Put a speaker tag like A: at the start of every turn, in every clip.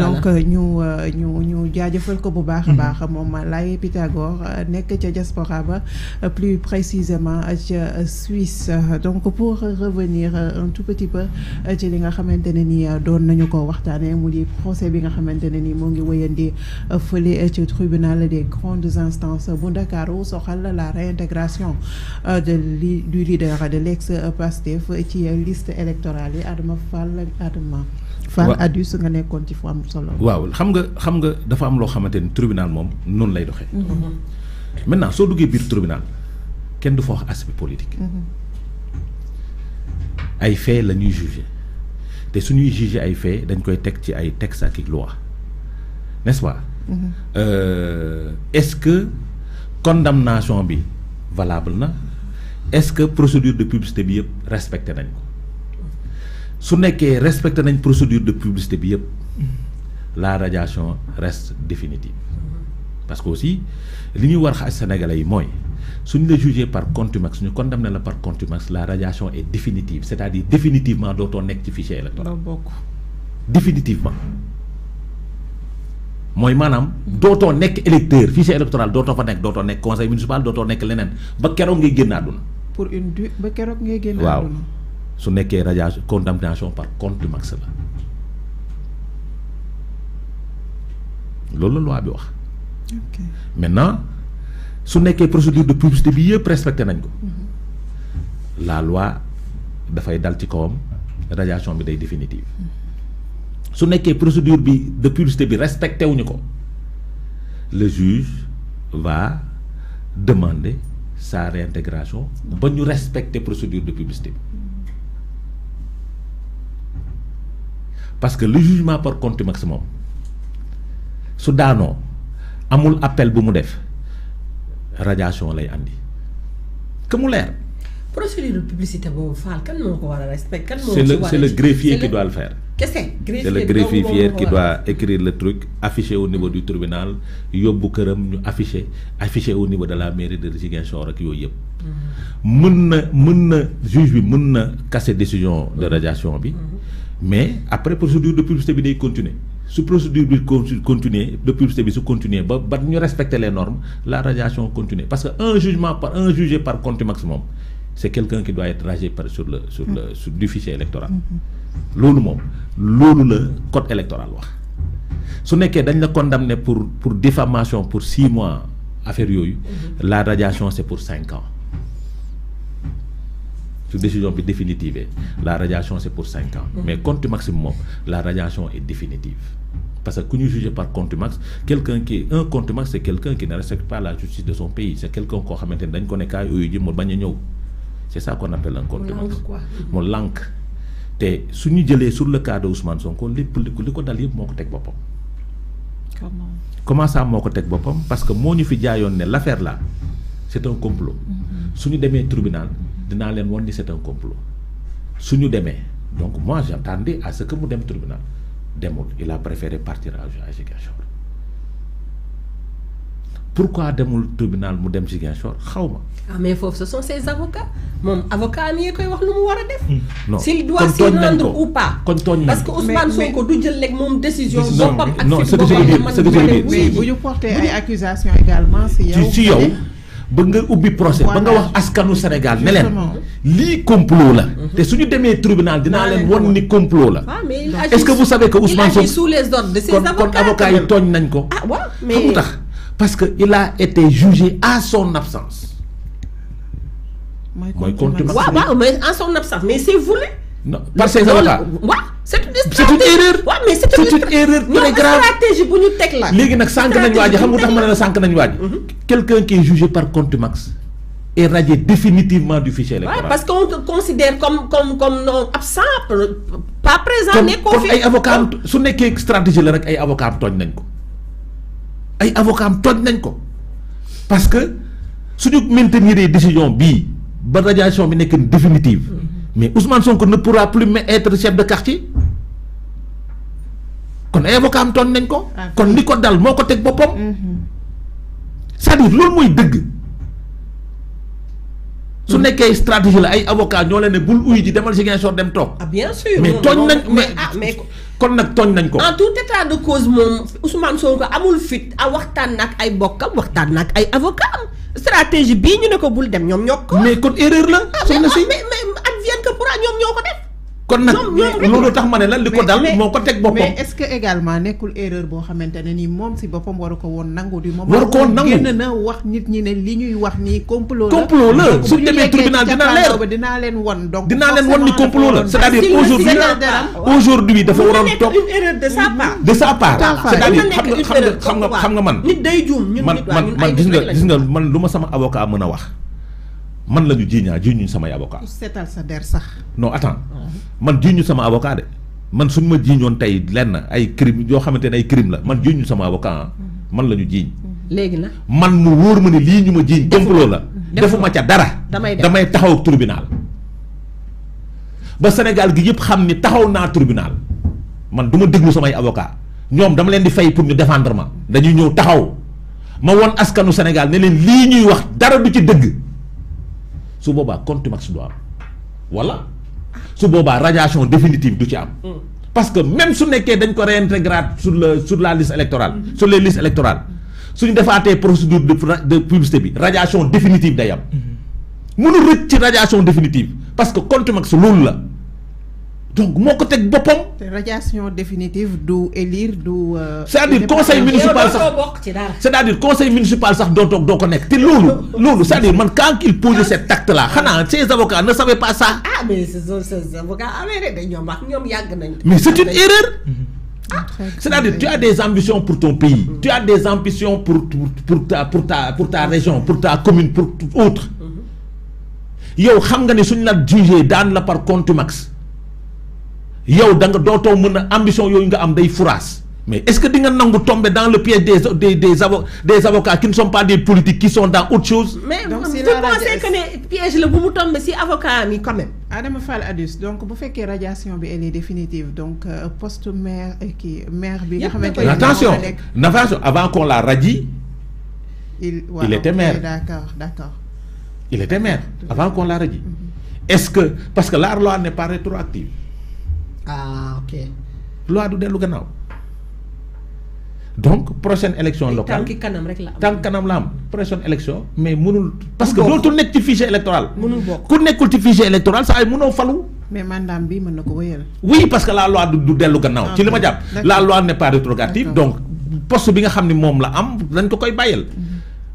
A: donc euh, ñu euh, ñu ñu jaajëfal ko bu baax a mhm. baax moom Laye Pythagore euh, nekk ca diaspora ba plus précisément ca Suisse donc pour revenir un tout petit peu ci li nga xamante ne ni doon nañu ko waxtaanee mu di procès bi nga xamante ne ni moo ngi wëyandi fële ci tribunal des grandes instances bu Ndakaaru soxal la réintégration de du leader de l'ex Pastef ci liste électorale yi Adama Fall Adama Fann Adus nga nekkoon ci fu am solo.
B: waaw xam nga xam nga dafa am loo xamante ni tribunal moom noonu lay doxee.
A: Mhm.
B: maintenant soo duggee biir tribunal kenn du fa wax aspect politique. Mhm. ay faits la ñuy te su ñuy juger ay faits dañ koy teg ci ay textes ak i loi n'est-ce pas. Mhm. Euh, est-ce que condamnation bi valable na est-ce que procédure de publicité bi yëpp respecté nañ ko. su que respecter nañ procédure de publicité la radiation reste définitive parce que aussi li ñuy war sénégalais si mooy suñ jugé par contumax, nous condamné la par contumax, la radiation est définitive c'est-à-dire définitivement d'autres nekk ci fichier électoral bokk définitivement Moi, madame, électeur fichier électoral dootoo fa nekk dootoo nekk conseil municipal dootoo nekk que ba keroog ngay génn
A: pour une ba ngay
B: su nekkee radiation condamnation par compte max la loolu la loi bi wax. maintenant su nekkee procédure de publicité bi yëpp respecté nañ mm-hmm. la loi de dal ci kawam radiation bi day définitive. su nekkee procédure de publicité bi respecté wuñu le juge va demander sa réintégration ba ñu respecter procédure de publicité parce que le jugement par compte maximum su daanoo amul appel bu mu def radiation lay andi
C: que mu leer. procédure de publicité boobu Fall kan moo ko war a kan moo c'est le greffier qui doit le faire. c'est le greffier qui doit
B: écrire le truc affiché au niveau du tribunal yóbbu këram ñu affiché affiché au niveau de la mairie de Ziguinchor ak yooyu yëpp. Mm-hmm. mën na mën juge bi mën décision de radiation bi. Mm-hmm mais après procédure de publicité continue. day continuer procédure bi continuer de publicité bi su continuer ba respecter les normes la radiation continue parce qu'un jugement par un jugé par compte maximum c'est quelqu'un qui doit être radié sur le sur le mm-hmm. sur du fichier électoral mm-hmm. lolu mom lolu le code électoral wax su nekkee dañ la condamné pour pour diffamation pour six mois affaire mm-hmm. la radiation c'est pour cinq ans décision définitive définitive la radiation c'est pour cinq ans mm-hmm. mais compte maximum, la radiation est définitive parce que nous juger par par max quelqu'un qui un max, c'est quelqu'un qui ne respecte pas la justice de son pays c'est quelqu'un qui a maintenant dañ ko ne où c'est ça qu'on appelle un mon mu lànk mm-hmm. te su ñu jëlee sur le cas de Ousmane Sonko les plus ko li ko dal yëpp comment ça moo ko parce que moo ñu fi l'affaire là c'est un complot nous ñu le tribunal nous vous dit c'est un complot Si nous donc moi j'attendais à ce que tribunal il a préféré partir à Ziguinchor pourquoi le tribunal
C: ah mais ce sont ses avocats Mon avocat hmm. s'il doit rendre ou
B: pas. parce que Sonko décision. non également ba nga ubbi procès ba nga wax askanu Sénégal ne leen lii complot la mm-hmm. te suñu demee tribunal dinaa leen won ni complot la
C: ah, est-ce que vous savez que Ousmane Sonko kon avocat
B: yi tooñ nañ ko
C: ah, xamu tax
B: parce que il a été jugé à son absence mooy contumace waaw
C: waaw mais en son absence mais c'est voulu
B: par ses avocats
C: c'est une erreur C'est mais erreur. une erreur très grave stratégie bu ñu la. léegi nak ne
B: mhm. quelqu'un qui est jugé par Compte-Max est radié définitivement du fichier électoral. parce
C: qu'on te considère comme comme comme non absent pas présent. nest kon ay
B: avocat su nekké stratégie la rek ay avocat togn nañ ko ay avocat am nañ ko parce que suñu maintenir décision bi ba radiation bi nekk définitive mhm. mais Ousmane Sonko ne pourra plus être chef de quartier kon ay avocat am ton nañ ko. kon li dal moko tek bopom boppam. Mhm. c'est-à-dire lool moy deug su mhm. nekké stratégie la ay avocat ñoo leen ne bul uyu di demal
C: Ziguinchor dem tok ah bien sûr mais tooñ nañ mais ah, kon nak tooñ nañ ko. en tout état de cause mom Ousmane Sonko amul fit a waxtan nak ay bokkam waxtan nak ay avocat stratégie bi ñu ne ko bul dem ñom ñok mais kon erreur la. Ah, soxna si ah, mais mais advienne que pourra ñom ñoko ko def kon nak, loolu tax ma ne liko dal moo ko teg boppam mais
A: est-ce que également nekul erreur bo xamante ne nii moom si boppam waru ko won nangu du moom waru ko woon nangu génn na wax nit ñi ne li ñuy wax ni complot la complot la suñ demee tribunal dina leer Dina dinaa won donc Dina leen won ni
B: complot la c'est-à-dire aujourd'hui aujourd'hui dafa waroon
C: toog une erreur de sa part
B: de sa part c'est-à-dire xam nga xam nga man
C: nit day juum ñun nit man
B: man gis nga gis nga man luma sama avocat mëna wax man lañu jiñaa jiñuñ samay avocat
A: seetal sa der sax
B: non attends ah. man jiñu sama avocat de man suñ ma jiñoon tey lenn ay crime yoo xamante ay crime la man jiñu sama avocat ah. mm-hmm. man lañu jiñ mm-hmm. léegi nag man mu wóor ma ne lii ñu ma jiñ complot la defuma ca dara
C: damay
B: taxaw tribunal ba sénégal gi yëpp xam ni taxaw naa tribunal man duma déglu samay avocat ñoom dama leen di fay pour ñu défendre ma dañuy ñëw taxaw ma won askanu sénégal ne leen lii ñuy wax dara du ci dëgg su Boba compte Voilà. am Voilà. su Boba, radiation définitive du ci mm. parce que même si on est ko réintégrer sur le sur la liste électorale. Mm. sur les listes électorales. suñu défaté procédure de de publicité bi radiation définitive day am. munu mm-hmm. rëcc ci radiation définitive parce que contre Max la donc mon côté de boppam.
A: radiation définitive du élire du. c'est-à-dire
B: conseil municipal c'est-à-dire conseil municipal ça. doo toog doo ko nekk. lourd. c'est-à-dire quand il pose cet acte là ces avocats ne savaient pas ça.
C: ah mais ces avocats avérés de ñoom ak mais c'est
B: une erreur. C'est-à-dire, tu as des ambitions pour ton pays, tu as des ambitions pour, ta, pour, ta, pour ta région, pour ta commune, pour autre. Yo, tu sais que si on l'a jugé, dans la par contre max yow da nga dootoo ambition yoy nga am day furaas mais est-ce que di nga nangu tomber dans le piège des des des avocats qui ne sont pas des politiques qui sont dans autre
A: chose. mais donc si pensez que les
C: piège le bumu mu tomber si avocat ami quand même. Adama Fall Adus
A: donc bu fekkee radiation elle est définitive donc euh, poste maire qui euh, maire bi. nga attention
B: attention avant qu'on la radie.
A: il il était maire d'accord d'accord.
B: il était maire avant qu'on la radie. Mhm. est-ce que parce que la loi n'est pas rétroactive.
C: ah ok
B: loi du dellu gannaaw donc prochaine élection locale tànk kanam rek la am tànk kanam la am prochaine élection mais mënul parce que dootul nekk ci fichier électoral mënul bokk ku nekkul ci fichier électoral saa ay mënoo falu
A: mais mandat bi mën na ko wëyal
B: oui parce que la loi du, du dellu gannaaw ah, ci li ma jàpp la loi n'est pas rétrogative donc poste bi nga xam ne moom la am dañ ko koy bàyyal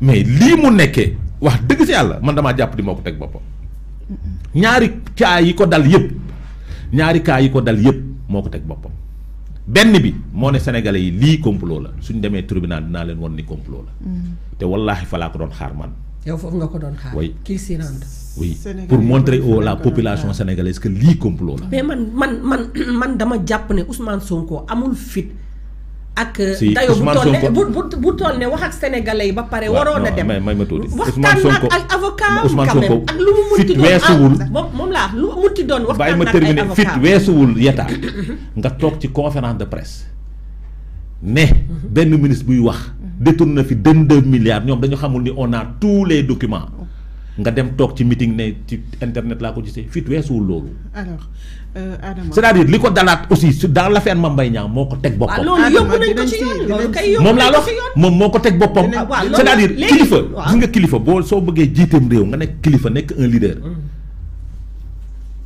B: mais lii mu nekkee wax dëgg si yàlla man damaa jàpp di moo ko teg boppam ñaari caa yi ko dal yépp ñaari cas yi ko dal yépp moo ko teg boppam benn bi moo ne sénégalais yi lii complot la suñ demee tribunal dinaa leen wan ni complot la. te wallaahi fa laa ko doon xaar man.
C: yow foofu nga ko doon xaar. oui kii si oui pour montrer la population
B: sénégalaise que lii complot la.
C: mais man man man man dama jàpp ne Ousmane Sonko amul fit. ak dayo bu toll ne bu bu toll ne wax ak sénégalais yi ba pare waroon a dem
B: may ma tuuti waxtaan na ak
C: avocat Ousmane Sonko ak lu mu munti doon ah, weesuwul moom laa lu mu waxtaan bàyyi ma terminé fit weesuwul yetaa mhm.
B: nga toog ci conférence de presse ne benn ministre buy wax mhm. détourné na fi 22 milliards ñoom dañu xamul ni on a tous les documents nga dem toog ci meeting ne ci internet laa ko gisee fit weesuwul loolu.
A: alors euh, li ko
B: dalaat aussi su dans l'affaire Mame Mbaye Niang moo ko ah, ko ci yoon
C: loolu kay yóbbu moom laa wax
B: moom moo ko teg boppam.
C: Ah, c'est-à-dire kilifa gis
B: nga kilifa boo soo bëggee jiiteem réew nga nekk kilifa nekk un leader. Mm.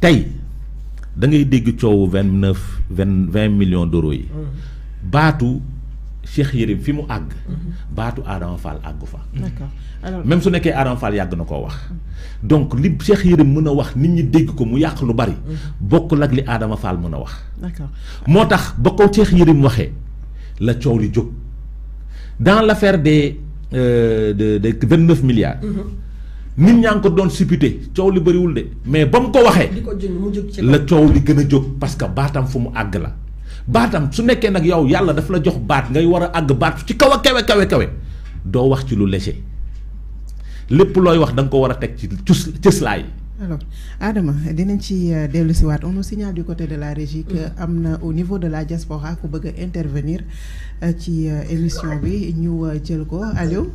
B: tey da ngay dégg coowu vingt neuf vingt vingt million d'euros yi. Mm. baatu. Cheikh Yérim fi mu àgg. Mhm. baatu Adama Fall àggu fa.
A: d'accord même su
B: nekkee Adama Fall yag nako wax. donc li Cheikh Yérim meuna wax nit ñi dégg ko mu yàq lu bari. Mhm. bokku lak li Adama Fall meuna wax. d'accord motax tax Cheikh Yérim waxé la coow li dans l'affaire des euh, de de 29 milliards. Mhm. nit ñaa ko doon supputer coow li wul dé mais bam ko waxé la coow li gën a parce que batam fu mu la. baatam su nekkee nag yow yàlla daf la jox baat ngay war a àgg baat ci kaw a kawe kawe kawe doo wax ci lu léger lépp looy wax da nga ko war a teg ci cus cëslaay
A: alors aadama dinañ ci euh, dellu si waat on nous signale du côté de la régi que mm. am na au niveau de la diaspora ku bëgg a intervenir euh, ci euh, émission bi ñu jël ko allo